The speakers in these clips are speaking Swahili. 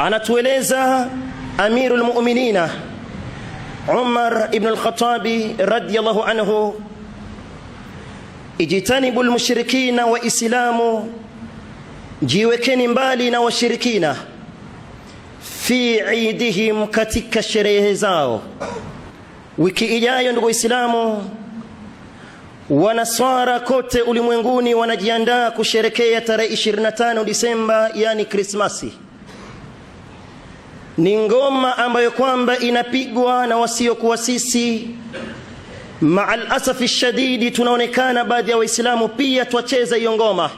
Anatueleza Amiru lmuminina Umar ibn al-Khatabi radiyallahu anhu, ijtanibu lmushrikina wa islamu, jiwekeni mbali na washirikina, fi idihim, katika sherehe zao. Wiki ijayo ndugu Waislamu, Wanaswara kote ulimwenguni wanajiandaa kusherekea tarehe 25 Disemba, yani Krismasi ni ngoma ambayo kwamba inapigwa na wasiokuwa sisi. Maa lasafi shadidi, tunaonekana baadhi ya Waislamu pia twacheza hiyo ngoma,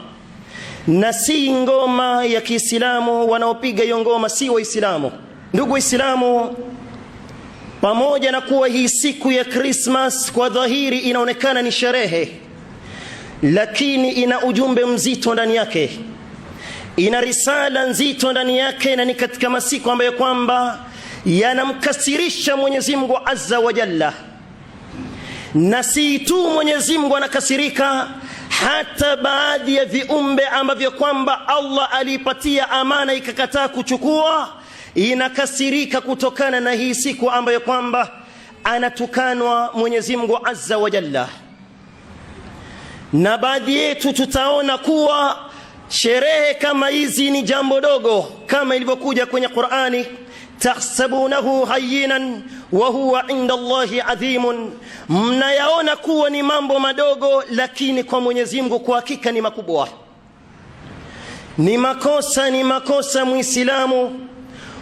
na si ngoma ya Kiislamu. Wanaopiga hiyo ngoma si Waislamu. Ndugu Waislamu, pamoja na kuwa hii siku ya Krismas kwa dhahiri inaonekana ni sherehe, lakini ina ujumbe mzito ndani yake ina risala nzito ndani yake, na ni katika masiku ambayo kwamba yanamkasirisha Mwenyezi Mungu azza wa jalla, na si tu Mwenyezi Mungu anakasirika, hata baadhi ya viumbe ambavyo kwamba Allah aliipatia amana ikakataa kuchukua, inakasirika kutokana na hii siku ambayo kwamba anatukanwa Mwenyezi Mungu azza wa jalla, na baadhi yetu tutaona kuwa Sherehe kama hizi ni jambo dogo, kama ilivyokuja kwenye Qur'ani, tahsabunahu hayyinan wa huwa inda Allahi adhimun, mnayaona kuwa ni mambo madogo, lakini kwa Mwenyezi Mungu kwa hakika ni makubwa. Ni makosa, ni makosa Muislamu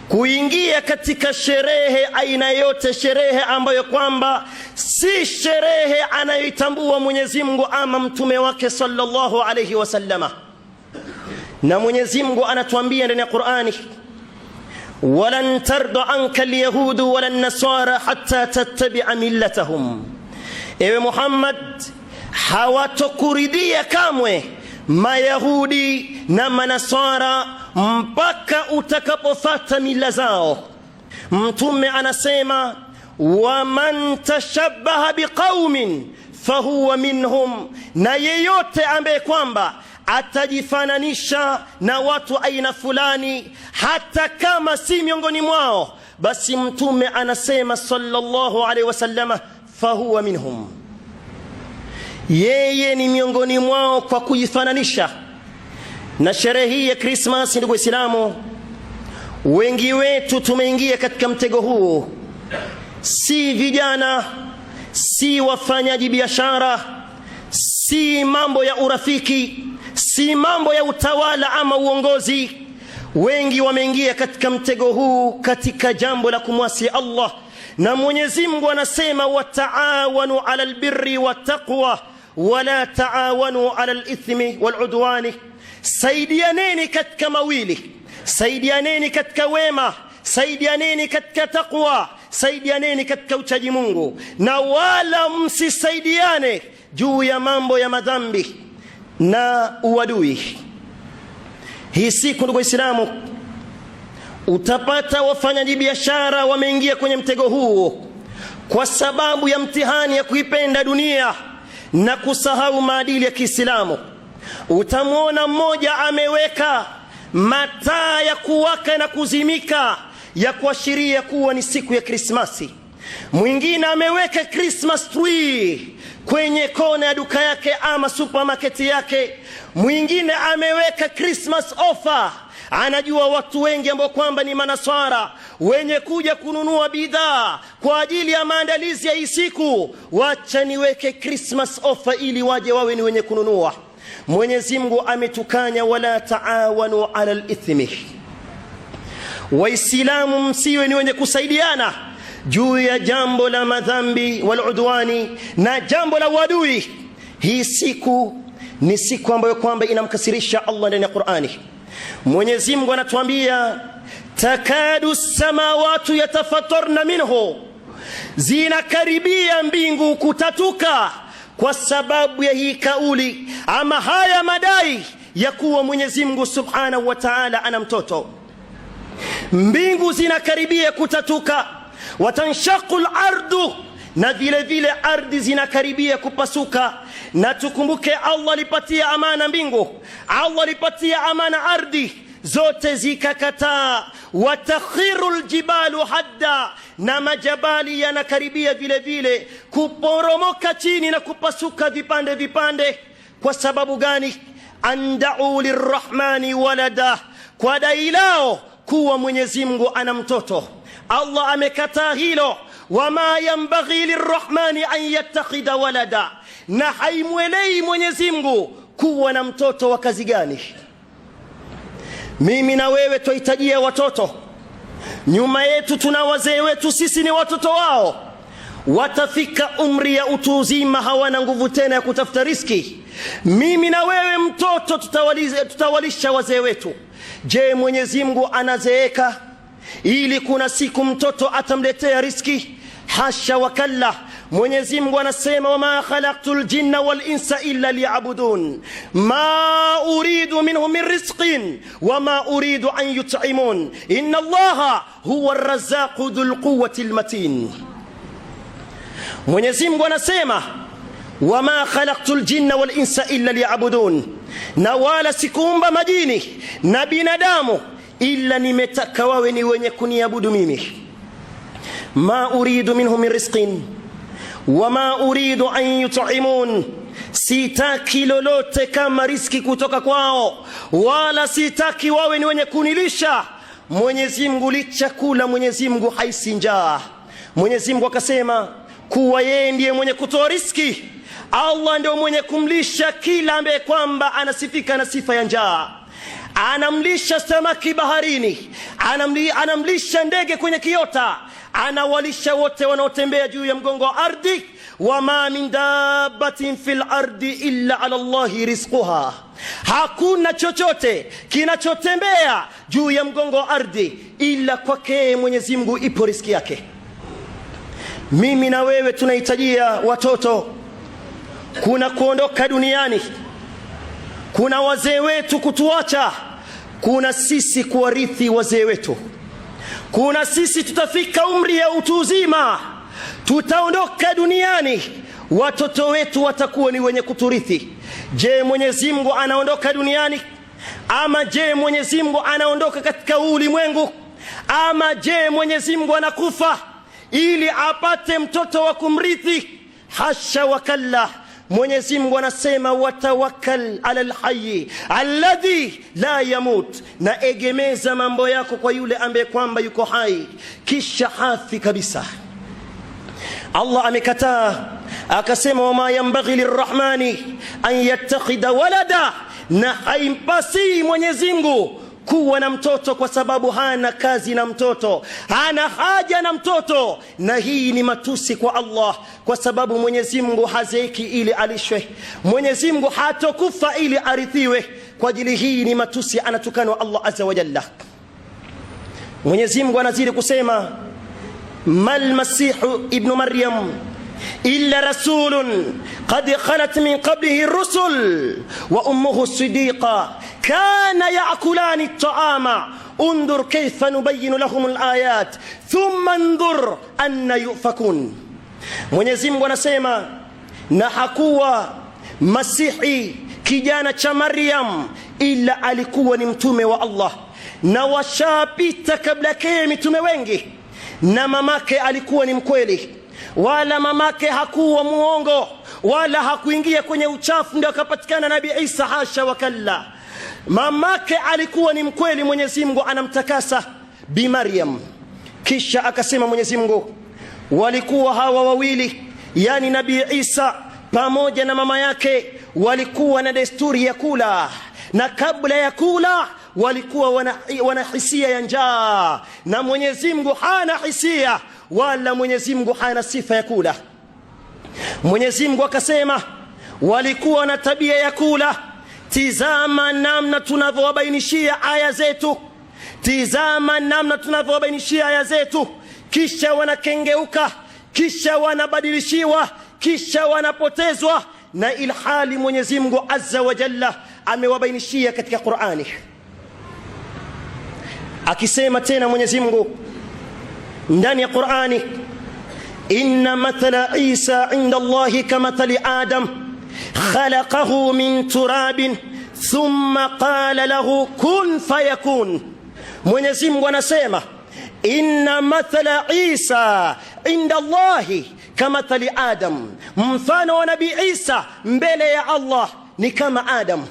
kuingia katika sherehe aina yote, sherehe ambayo kwamba si sherehe anayoitambua Mwenyezi Mungu ama mtume wake sallallahu alayhi wasallama na Mwenyezi Mungu anatuambia ndani ya Qur'ani walan tarda anka alyahudu walan nasara hatta tattabi'a millatahum, ewe Muhammad, hawatokuridhia kamwe Mayahudi na Manasara mpaka utakapofata mila zao. Mtume anasema waman tashabbaha biqaumin fahuwa minhum, na yeyote ambaye kwamba atajifananisha na watu aina fulani, hata kama si miongoni mwao, basi Mtume anasema sallallahu alaihi wasallama, fahuwa minhum, yeye ni miongoni mwao kwa kujifananisha. Na sherehe hii ya Krismasi, ndugu Waislamu, wengi wetu tumeingia katika mtego huu, si vijana, si wafanyaji biashara, si mambo ya urafiki si mambo ya utawala ama uongozi. Wengi wameingia katika mtego huu katika jambo la kumwasi Allah, na Mwenyezi Mungu anasema wataawanu ala albirri wattaqwa wala taawanu ala lithmi waludwani, saidianeni katika mawili, saidianeni katika wema, saidianeni katika taqwa, saidianeni katika uchaji Mungu, na wala msisaidiane juu ya mambo ya madhambi na uadui. Hii siku ndugu Waislamu, utapata biashara wameingia kwenye mtego huo kwa sababu ya mtihani ya kuipenda dunia na kusahau maadili ya Kiislamu. Utamwona mmoja ameweka mataa ya kuwaka na kuzimika ya kuashiria kuwa ni siku ya Krismasi Mwingine ameweka Christmas tree kwenye kona ya duka yake ama supermarket yake. Mwingine ameweka Christmas offer. Anajua watu wengi ambao kwamba ni manaswara wenye kuja kununua bidhaa kwa ajili ya maandalizi ya hii siku, wacha niweke Christmas offer ili waje wawe ni wenye kununua. Mwenyezi Mungu ametukanya, wala taawanu ala lithmi, Waislamu msiwe ni wenye kusaidiana juu ya jambo la madhambi waludwani na jambo la uadui. Hii siku ni siku ambayo kwamba inamkasirisha Allah ndani ya Qur'ani. Mwenyezi Mungu anatuambia takadu samawatu yatafatarna minhu, zinakaribia mbingu kutatuka kwa sababu ya hii kauli ama haya madai ya kuwa Mwenyezi Mungu Subhanahu wa Ta'ala ana mtoto. Mbingu zinakaribia kutatuka watanshaku lardu na vile vile ardhi zinakaribia kupasuka. Na tukumbuke Allah alipatia amana mbingu, Allah alipatia amana ardhi, zote zikakataa. Watakhiru ljibalu hadda, na majabali yanakaribia vile vile kuporomoka chini na kupasuka vipande vipande. Kwa sababu gani? andau lirrahmani walada, kwa dai lao kuwa Mwenyezi Mungu ana mtoto Allah amekataa hilo, wama yambaghi lirrahmani an yattakhidha walada, na haimwelei Mwenyezi Mungu kuwa na mtoto wa kazi gani. Mimi na wewe twahitajia watoto, nyuma yetu tuna wazee wetu, sisi ni watoto wao. Watafika umri ya utu uzima, hawana nguvu tena ya kutafuta riski. Mimi na wewe mtoto tutawalisha wazee wetu. Je, Mwenyezi Mungu anazeeka? ili kuna siku mtoto atamletea riski. Hasha wakalla, Mwenyezi Mungu anasema wama khalaqtu ljinna walinsa illa liyabudun ma uridu minhum min risqin wama uridu an yut'imun inna allaha huwa arrazaqu dhul quwwati lmatin. Mwenyezi Mungu anasema wama khalaqtu ljinna walinsa illa liyabudun, na wala sikuumba majini na binadamu illa nimetaka wawe ni wenye kuniabudu mimi ma uridu minhum min wa wama uridu an yut'imun sitaki lolote kama riski kutoka kwao wala sitaki wawe ni wenye kunilisha mwenyezi mungu lichakula mwenyezi mungu haisi njaa mwenyezi mungu akasema kuwa yeye ndiye mwenye kutoa riski allah ndio mwenye kumlisha kila ambaye kwamba anasifika na sifa ya njaa anamlisha samaki baharini, anamli, anamlisha ndege kwenye kiota, anawalisha wote wanaotembea juu ya mgongo wa ardhi. wama min dabatin fi lardi illa ala llahi rizquha, hakuna chochote kinachotembea juu ya mgongo wa ardhi ila kwake Mwenyezi Mungu ipo riski yake. Mimi na wewe tunahitajia watoto, kuna kuondoka duniani kuna wazee wetu kutuacha, kuna sisi kuwarithi wazee wetu, kuna sisi tutafika umri ya utu uzima, tutaondoka duniani, watoto wetu watakuwa ni wenye kuturithi. Je, Mwenyezi Mungu anaondoka duniani ama je, Mwenyezi Mungu anaondoka katika huu ulimwengu ama je, Mwenyezi Mungu anakufa ili apate mtoto wa kumrithi? Hasha wakalla. Mwenyezi Mungu anasema watawakkal ala alhayy alladhi la yamut, na egemeza mambo yako kwa yule ambaye kwamba yuko hai, kisha hathi kabisa. Allah amekataa akasema, wama yambaghi lirrahmani an yattakhidha walada, na haimpasii Mwenyezi Mungu kuwa na mtoto kwa sababu hana kazi na mtoto, hana haja na mtoto. Na hii ni matusi kwa Allah, kwa sababu Mwenyezi Mungu hazeeki ili alishwe, Mwenyezi Mungu hatokufa ili arithiwe. Kwa ajili hii ni matusi, anatukanwa Allah azza wa jalla. Mwenyezi Mungu anazidi kusema, mal ibnu Maryam إلا رسول قد خلت من قبله الرسل وأمه الصديقة كان يأكلان الطعام انظر كيف نبين لهم الآيات ثم انظر أن يؤفكون Mwenyezi Mungu anasema na hakuwa Masihi kijana cha Maryam ila alikuwa ni mtume wa Allah na washapita kabla yake mitume wengi na mamake alikuwa ni mkweli wala mamake hakuwa muongo wala hakuingia kwenye uchafu ndio akapatikana nabii Isa, hasha wakalla. Mamake alikuwa ni mkweli, Mwenyezi Mungu anamtakasa Bi Maryam. Kisha akasema Mwenyezi Mungu, walikuwa hawa wawili, yani nabii Isa pamoja na mama yake, walikuwa na desturi ya kula, na kabla ya kula walikuwa wana, wana hisia ya njaa, na Mwenyezi Mungu hana hisia wala Mwenyezi Mungu hana sifa ya kula. Mwenyezi Mungu akasema, walikuwa na tabia ya kula. Tizama namna tunavyowabainishia aya zetu, tizama namna tunavyowabainishia aya zetu, kisha wanakengeuka, kisha wanabadilishiwa, kisha wanapotezwa, na ilhali Mwenyezi Mungu azza wa jalla amewabainishia katika Qur'ani, akisema tena Mwenyezi Mungu ndani ya Qur'ani, inna mathala Isa inda Allahi kamathali Adam khalaqahu min turabin thumma qala lahu kun fayakun. Mwenyezi Mungu anasema inna mathala Isa inda Allahi kamathali Adam, mfano wa Nabii Isa mbele ya Allah ni kama Adam,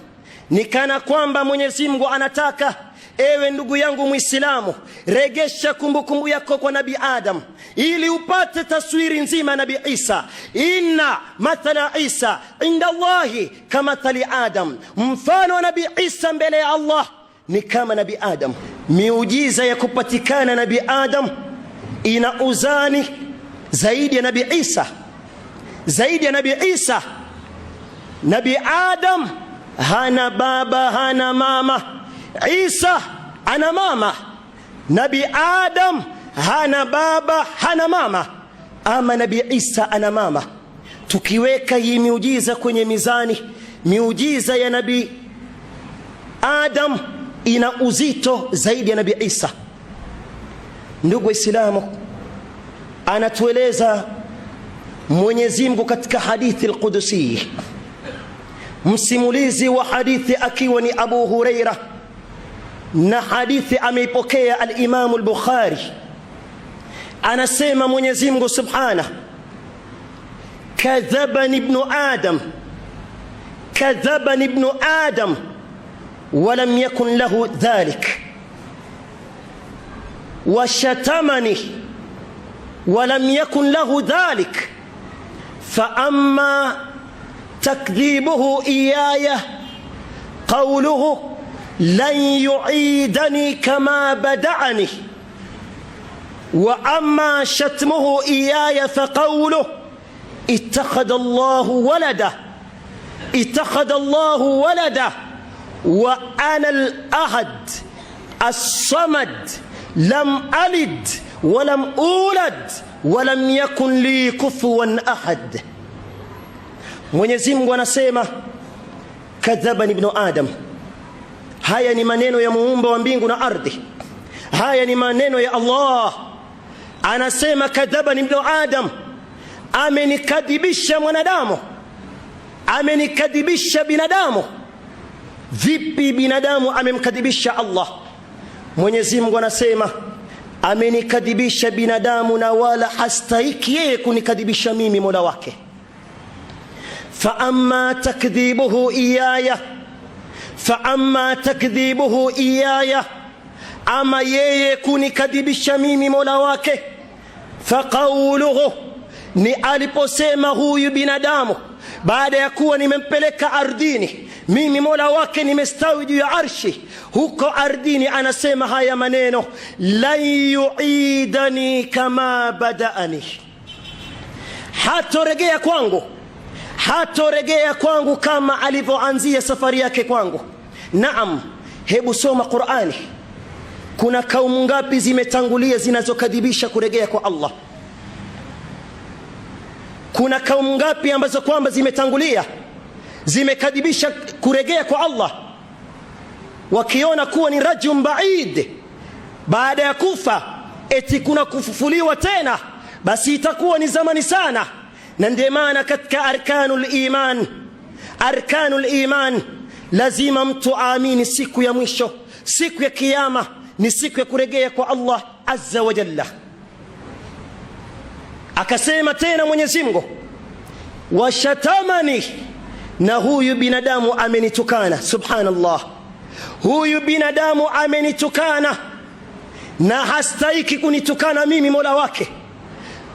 ni kana kwamba Mwenyezi Mungu anataka Ewe ndugu yangu Mwislamu, regesha kumbukumbu yako kwa Nabi Adam ili upate taswiri nzima Nabi Isa. Inna mathala Isa inda Allahi kamathali Adam, mfano wa Nabi Isa mbele ya Allah ni kama Nabi Adam. Miujiza ya kupatikana Nabi Adam ina uzani zaidi ya Nabi Isa, zaidi ya Nabi Isa. Nabi Adam hana baba, hana mama Isa ana mama, Nabi Adam hana baba, hana mama, ama Nabi Isa ana mama. Tukiweka hii miujiza kwenye mizani, miujiza ya Nabi Adam ina uzito zaidi ya Nabi Isa. Ndugu Waislamu, anatueleza Mwenyezi Mungu katika hadithi al qudsi msimulizi wa hadithi akiwa ni Abu Hurairah na hadithi ameipokea al-Imam al-Bukhari anasema Mwenyezi Mungu Subhanahu kadhabani ibnu adam kadhabani ibn adam walam yakun lahu dhalik washatamani walam yakun lahu dhalik faama takdhibuhu iyaya qawluhu لن يعيدني كما بدعني وأما شتمه إياي فقوله اتخذ الله ولده اتخذ الله ولده وأنا الأحد الصمد لم ألد ولم أولد ولم يكن لي كفوا أحد ونزيم ونسيمة كذبني ابن آدم Haya ni maneno ya muumba wa mbingu na ardhi, haya ni maneno ya Allah. Anasema kadhabani ibnu Adam, amenikadhibisha mwanadamu, amenikadhibisha binadamu. Vipi binadamu amemkadhibisha Allah? Mwenyezi Mungu anasema amenikadhibisha binadamu na wala hastahiki yeye kunikadhibisha mimi mola wake. Fa amma takdhibuhu iyaya fa amma takdhibuhu iyaya, ama yeye kunikadhibisha mimi mola wake, fa ni aliposema huyu binadamu baada ya kuwa nimempeleka ardhini mimi mola wake nimestawi juu ya arshi huko ardhini, anasema haya maneno, lan yuidani kama badaani, hatoregea kwangu, hatoregea kwangu kama alivyoanzia safari yake kwangu. Naam, hebu soma Qur'ani. Kuna kaumu ngapi zimetangulia zinazokadhibisha kurejea kwa Allah? Kuna kaumu ngapi ambazo kwamba zimetangulia zimekadhibisha kurejea kwa Allah, wakiona kuwa ni rajum baid baada ya kufa, eti kuna kufufuliwa tena, basi itakuwa ni zamani sana. Na ndiye maana katika arkanul iman, arkanul iman lazima mtu aamini siku ya mwisho. Siku ya Kiyama ni siku ya kuregea kwa Allah azza wa jalla. Akasema tena Mwenyezi Mungu, washatamani, na huyu binadamu amenitukana. Subhanallah, huyu binadamu amenitukana na hastahiki kunitukana mimi mola wake.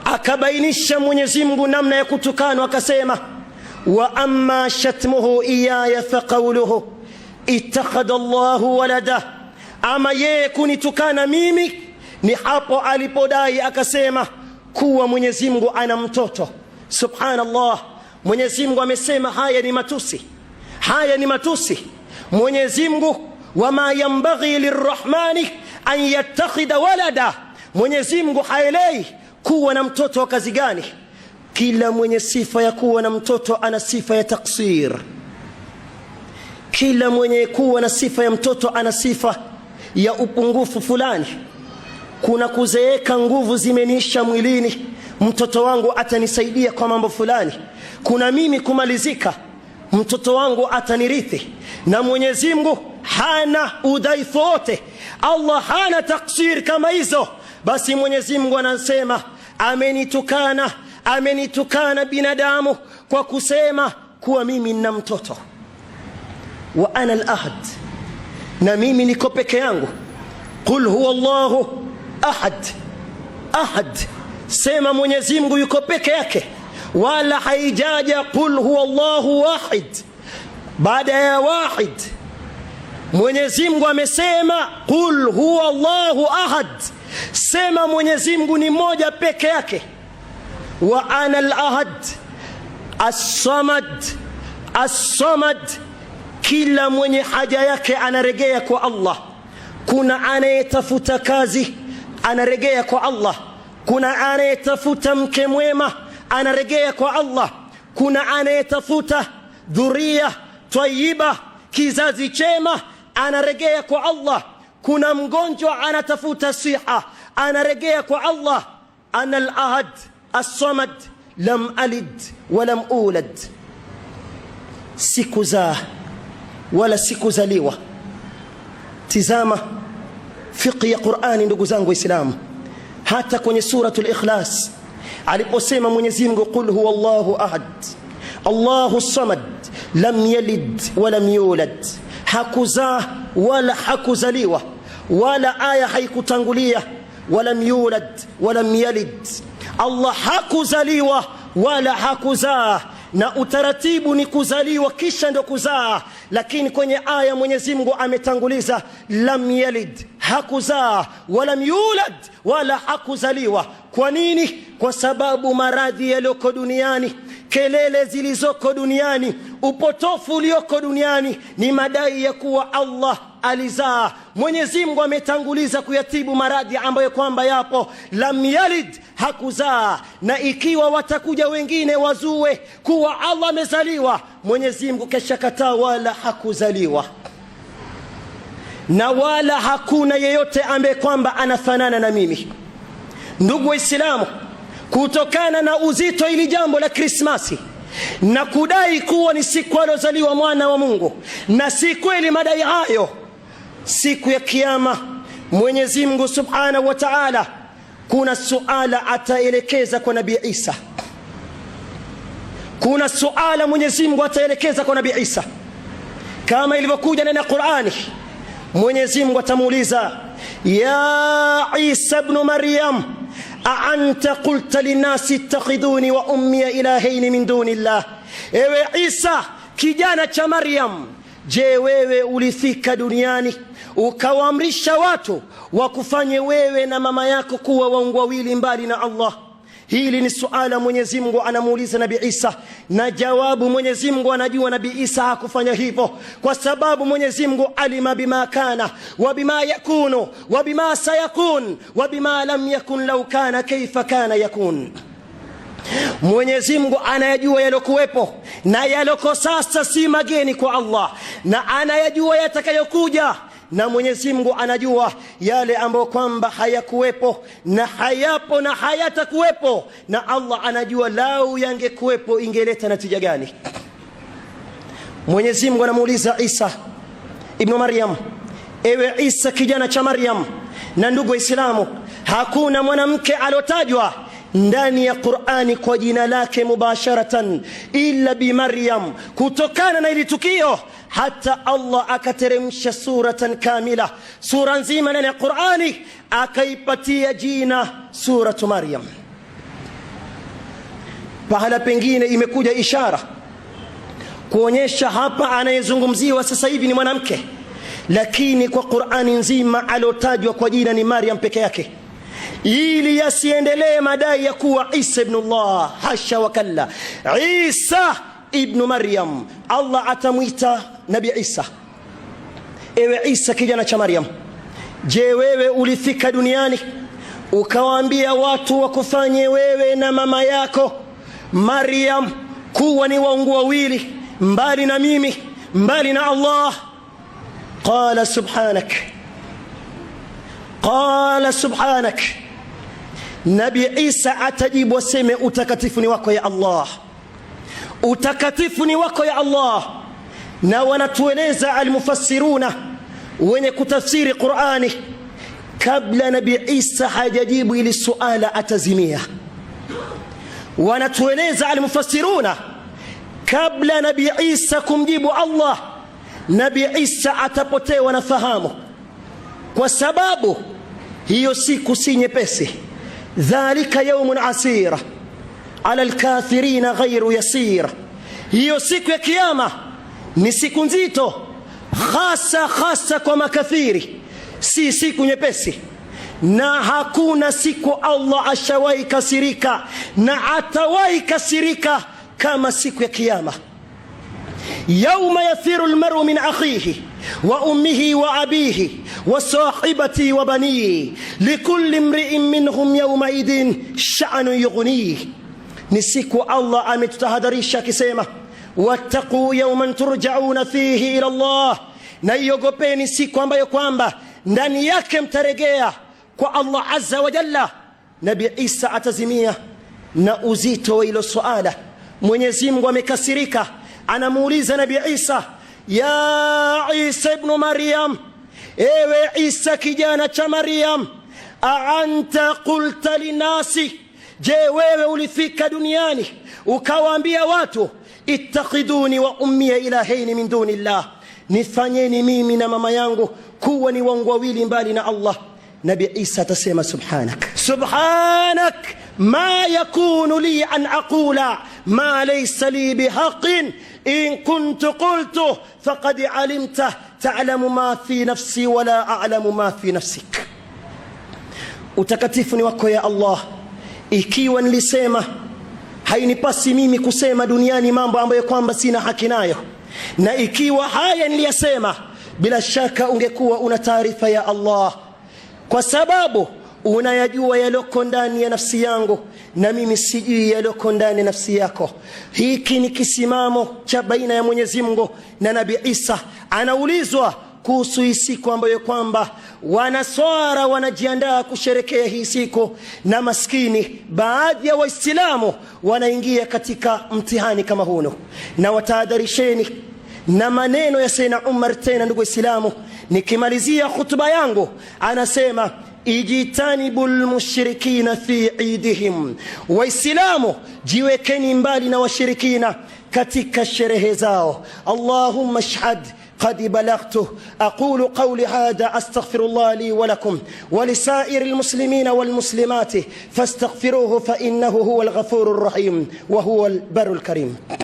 Akabainisha Mwenyezi Mungu namna ya kutukanwa, akasema amma shatmuhu iyaya faqawluhu ittakhadha Allahu walada, ama yeye kunitukana mimi ni hapo alipodai akasema kuwa Mwenyezi Mungu ana mtoto. Subhanallah, Mwenyezi Mungu amesema haya ni matusi, haya ni matusi. Mwenyezi Mungu, wama yambaghi lirrahmani an yattakhidha walada, Mwenyezi Mungu haelei kuwa na mtoto wa kazi gani? Kila mwenye sifa ya kuwa na mtoto ana sifa ya taksir. Kila mwenye kuwa na sifa ya mtoto ana sifa ya upungufu fulani. Kuna kuzeeka, nguvu zimeniisha mwilini, mtoto wangu atanisaidia kwa mambo fulani. Kuna mimi kumalizika, mtoto wangu atanirithi. Na Mwenyezi Mungu hana udhaifu wote, Allah hana taksir kama hizo. Basi Mwenyezi Mungu anasema amenitukana amenitukana binadamu kwa kusema kuwa mimi nina mtoto wa ana lahad na mimi niko peke yangu. Qul huwa llahu ahad, ahad, sema Mwenyezi Mungu yuko peke yake, wala haijaja qul huwa llahu wahid. Baada ya wahid, Mwenyezi Mungu amesema qul huwa llahu ahad, sema Mwenyezi Mungu ni mmoja peke yake wa ana al-ahad as-samad as-samad. Kila mwenye haja yake anaregea kwa Allah. Kuna anayetafuta kazi anaregea kwa Allah. Kuna anayetafuta mke mwema anaregea kwa Allah. Kuna anayetafuta dhuria twayiba, kizazi chema, anaregea kwa Allah. Kuna mgonjwa anatafuta siha, anaregea kwa Allah. ana al-ahad Assamad lam alid walam ulad, sikuzaa wala sikuzaliwa. Tizama fiqhi ya Qur'ani, ndugu zangu Waislamu, hata kwenye suratul Ikhlas aliposema Mwenyezi Mungu, qul huwa Allahu ahad Allahu samad lam yalid walam yulad, hakuzaa wala hakuzaliwa, wala aya haikutangulia walam yulad walam yalid Allah hakuzaliwa wala hakuzaa na utaratibu ni kuzaliwa kisha ndo kuzaa, lakini kwenye aya Mwenyezi Mungu ametanguliza lam yalid, hakuzaa wala yulad, wala hakuzaliwa. Kwa nini? Kwa sababu maradhi yaliyoko duniani kelele zilizoko duniani, upotofu ulioko duniani ni madai ya kuwa Allah alizaa. Mwenyezi Mungu ametanguliza kuyatibu maradhi ambayo kwamba yapo, lam yalid, hakuzaa. Na ikiwa watakuja wengine wazue kuwa Allah amezaliwa, Mwenyezi Mungu kataa wala hakuzaliwa na wala hakuna yeyote ambaye kwamba anafanana na mimi. Ndugu Waislamu, kutokana na uzito ili jambo la Krismasi na kudai kuwa ni siku aliozaliwa mwana wa Mungu, na si kweli madai hayo. Siku ya Kiyama Mwenyezi Mungu Subhanahu wa Ta'ala, kuna suala ataelekeza kwa Nabii Isa, kuna suala Mwenyezi Mungu ataelekeza kwa Nabii Isa kama ilivyokuja ndani ya Qur'ani. Mwenyezi Mungu atamuuliza ya Isa ibn Maryam aanta qulta linasi ittakhidhuni wa ummiya ilahaini min duni llah ewe isa kijana cha maryam je wewe ulifika duniani ukawaamrisha watu wakufanye wewe na mama yako kuwa waungu wawili mbali na allah Hili ni suala Mwenyezi Mungu anamuuliza Nabii Isa, na jawabu Mwenyezi Mungu anajua Nabii Isa hakufanya hivyo, kwa sababu Mwenyezi Mungu alima bima kana wa bima yakunu wa bima sayakun wa bima lam yakun lau kana kaifa kana yakun. Mwenyezi Mungu anayajua yalokuwepo na yaloko sasa, si mageni kwa Allah, na anayajua yatakayokuja na Mwenyezi Mungu anajua yale ambayo kwamba hayakuwepo na hayapo na hayatakuwepo, na Allah anajua lau yangekuwepo ingeleta natija gani. Mwenyezi Mungu anamuuliza Isa ibnu Maryam, ewe Isa kijana cha Maryam na ndugu Waislamu, hakuna mwanamke alotajwa ndani ya Qur'ani kwa jina lake mubasharatan illa bi Maryam, kutokana na ili tukio hata Allah akateremsha suratan kamila, sura nzima ndani ya Qur'ani akaipatia jina suratu Maryam. Pahala pengine imekuja ishara kuonyesha hapa anayezungumziwa sasa hivi ni mwanamke, lakini kwa Qur'ani nzima aliotajwa kwa jina ni Maryam peke yake ili yasiendelee madai ya kuwa Isa Allah, hasha wakalla. Isa ibnu Maryam, Allah atamwita Nabi Isa, ewe Isa kijana cha Maryam, je, wewe ulifika duniani ukawaambia watu wakufanye wewe na mama yako Maryam kuwa ni waungu wawili, mbali na mimi, mbali na Allah? Qala subhanak قال سبحانك نبي عيسى أتجيب وسمي أتكتفني وكو يا الله أتكتفني وكو يا الله نوانا توليزا المفسرون ونكو تفسير قرآنه قبل نبي عيسى حاجيب إلي السؤال أتزمية ونتوليزا المفسرون قبل نبي عيسى كمجيب الله نبي عيسى أتبطي ونفهامه وسبابه hiyo siku si nyepesi. Dhalika yaumun asira ala lkathirina ghairu yasira, hiyo siku ya kiama ni siku nzito, hasa hasa kwa makathiri, si siku nyepesi na hakuna siku Allah ashawahi kasirika na atawahi kasirika kama siku ya kiama yauma yathiru lmaru min akhihi wa ummihi wa abihi wa sahibati wa banihi likulli mriin minhum yaumaidhin shanu yughnihi. Ni siku Allah ametutahadharisha akisema, wattaquu yauman turjauna fihi ila Allah, na iogopeni siku ambayo kwamba ndani yake mtaregea kwa Allah azza wa jalla. Nabi Isa atazimia na uzito wa hilo swala. Mwenyezi Mungu amekasirika, anamuuliza Nabi Isa ya Isa ibnu Maryam, ewe Isa kijana cha Maryam, aanta qulta linasi, je wewe ulifika duniani ukawaambia watu ittakhiduni wa ummiya ilahaini min duni llah, nifanyeni mimi na mama yangu kuwa ni waungu wawili mbali na Allah. Nabi Isa atasema subhanak, subhanak ma yakunu li an aqula ma laysa li bihaqin in kuntu qultu faqad alimta talamu ma fi نفسي wala alamu ma fi nafsik utakatifu ni wako ya Allah ikiwa nilisema hainipasi mimi kusema duniani mambo ambayo kwamba sina haki nayo na ikiwa haya niliyasema bila shaka ungekuwa una taarifa ya Allah kwa sababu unayajua yaloko ndani ya nafsi yangu na mimi sijui yaloko ndani ya nafsi yako. Hiki ni kisimamo cha baina ya Mwenyezi Mungu na Nabii Isa. Anaulizwa kuhusu hii siku ambayo kwamba wanaswara wanajiandaa kusherekea hii siku, na maskini baadhi ya Waislamu wanaingia katika mtihani kama huno, na watahadharisheni na maneno ya Sayyidina Umar. Tena ndugu Waislamu, nikimalizia hutuba yangu anasema ijitanibu lmushrikina fi idihim, Waislamu jiwekeni mbali na washirikina katika sherehe zao. Allahumma shhad قد بلغته أقول قولي هذا أستغفر الله لي ولكم ولسائر المسلمين والمسلمات فاستغفروه فإنه هو الغفور الرحيم وهو البر الكريم